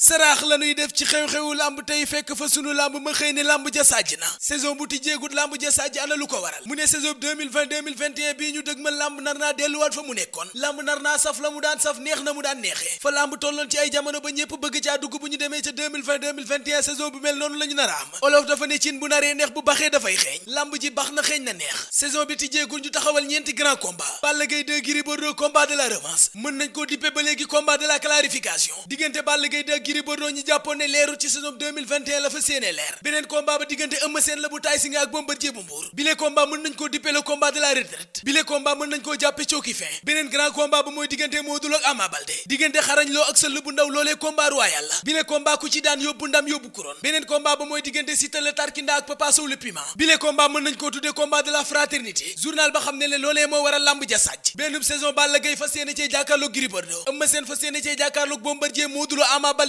saraax la ñuy def ci xew-xewu lamb tey fekk fa sunu lamb ma xëy ne lamb ja sàjj na saison bu tijjeegut lamb ja sàjj ana lu ko waral mu ne saison 2020 2021 bii ñu dëgmal lamb nar naa delluwaat mu nekkoon lamb nar naa saf la mu daan saf neex na mu a am olof dafa ne saison bi tijjeegul ñu taxawal ñeenti grand combat Balla Gaye 2 Gris Bordeaux combat de la revanche mën nañ koo dippe ba léegi combat de la clarification diggante Balla Gaye 2 Gris ñi jàppoon ne leeru ci saison 2021 la fa séenee leer beneen combat ba diggante Eumeu la bu Tay Shinga ak Bombardier bu Mbour bile combat mën nañ koo dippe le combat de la retraite bile combat mën nañ koo jàppe cooki fin beneen grand combat ba mooy diggante Modou Lo ak Ama Baldé diggante xarañ loo ak sëll ndaw loolee combat royal la bile combat ku ci daan yóbbu ndam yóbbu couronne beneen combat ba mooy diggante Siteu le Tarkinda ak Papa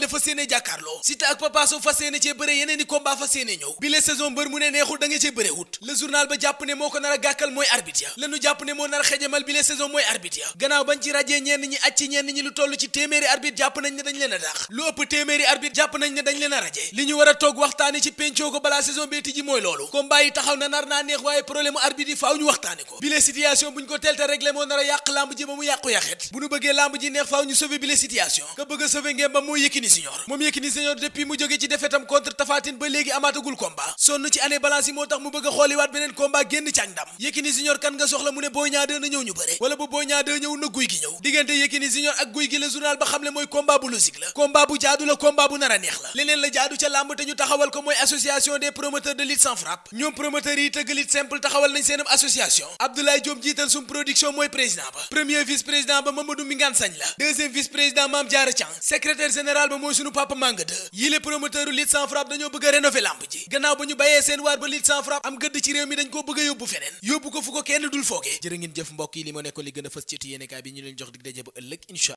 fa yéene jàkkaarloo Siteu ak Papa Sow fas yéene yeneen i combat fas yéene ñëw bi saison mbër mu ne neexul da nga cee bëre wut le journal ba jàpp ne moo ko nar a gàkkal mooy arbitre ya lanu jàpp ne moo nar a xejamal bi le saison mooy arbitre ya gannaaw bañ ci rajee ñenn ñi acci ñenn ñi lu toll ci téeméeri arbitre jàpp nañ ne dañ leen a dàq lu ëpp téeméeri arbitre jàpp nañ ne dañ leen a rajee li ñu war a toog waxtaane ci péncoo ko balaa saison béeti ji mooy loolu combat yi taxaw na nar naa neex waaye problème arbitre yi ko bi le situation buñ ko telte réglé moo yàq lamb ji ba mu yàqu a sauver ngeen ba moo yëkkini Junior moom Yékini Junior depuis mu jóge ci defetam contre Tafatine ba léegi amaatagul combat sonn ci année balance moo tax mu bëgg xooliwaat beneen combat génn ci ak ndam kan nga soxla mu ne Boy Niang 2 na ñëw ñu bëre wala bu Boy Niang 2 ñëw na guy gi ñëw diggante Yékini Junior ak guy gi la journal ba xam mooy combat bu logique la combat bu jaadu la combat bu nar neex la leneen la jaadu ca làmb te ñu taxawal ko mooy association des promoteurs de mooy sunu papa yile promoteuru lutte sans frappe dañoo bëgg a rénover ji gannaaw ba ñu bàyyee seen waar ba lutte sans frappe am gëdd ci réew mi dañ koo bëgg yóbbu feneen yóbbu ko fu ko kenn dul foogee jërë ngeen jëf mbokk yi li nekkoon li gën fës ci tu bi ñu leen jox dig daje ba ëllëg incha